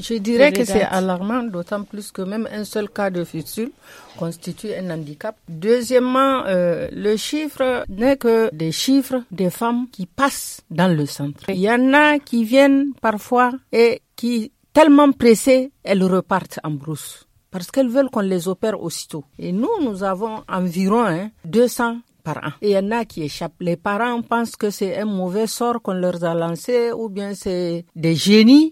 Je dirais que c'est alarmant, d'autant plus que même un seul cas de fistule constitue un handicap. Deuxièmement, euh, le chiffre n'est que des chiffres des femmes qui passent dans le centre. Il y en a qui viennent parfois et qui, tellement pressées, elles repartent en brousse parce qu'elles veulent qu'on les opère aussitôt. Et nous, nous avons environ 200 hein, par an. Et il y en a qui échappent. Les parents pensent que c'est un mauvais sort qu'on leur a lancé ou bien c'est des génies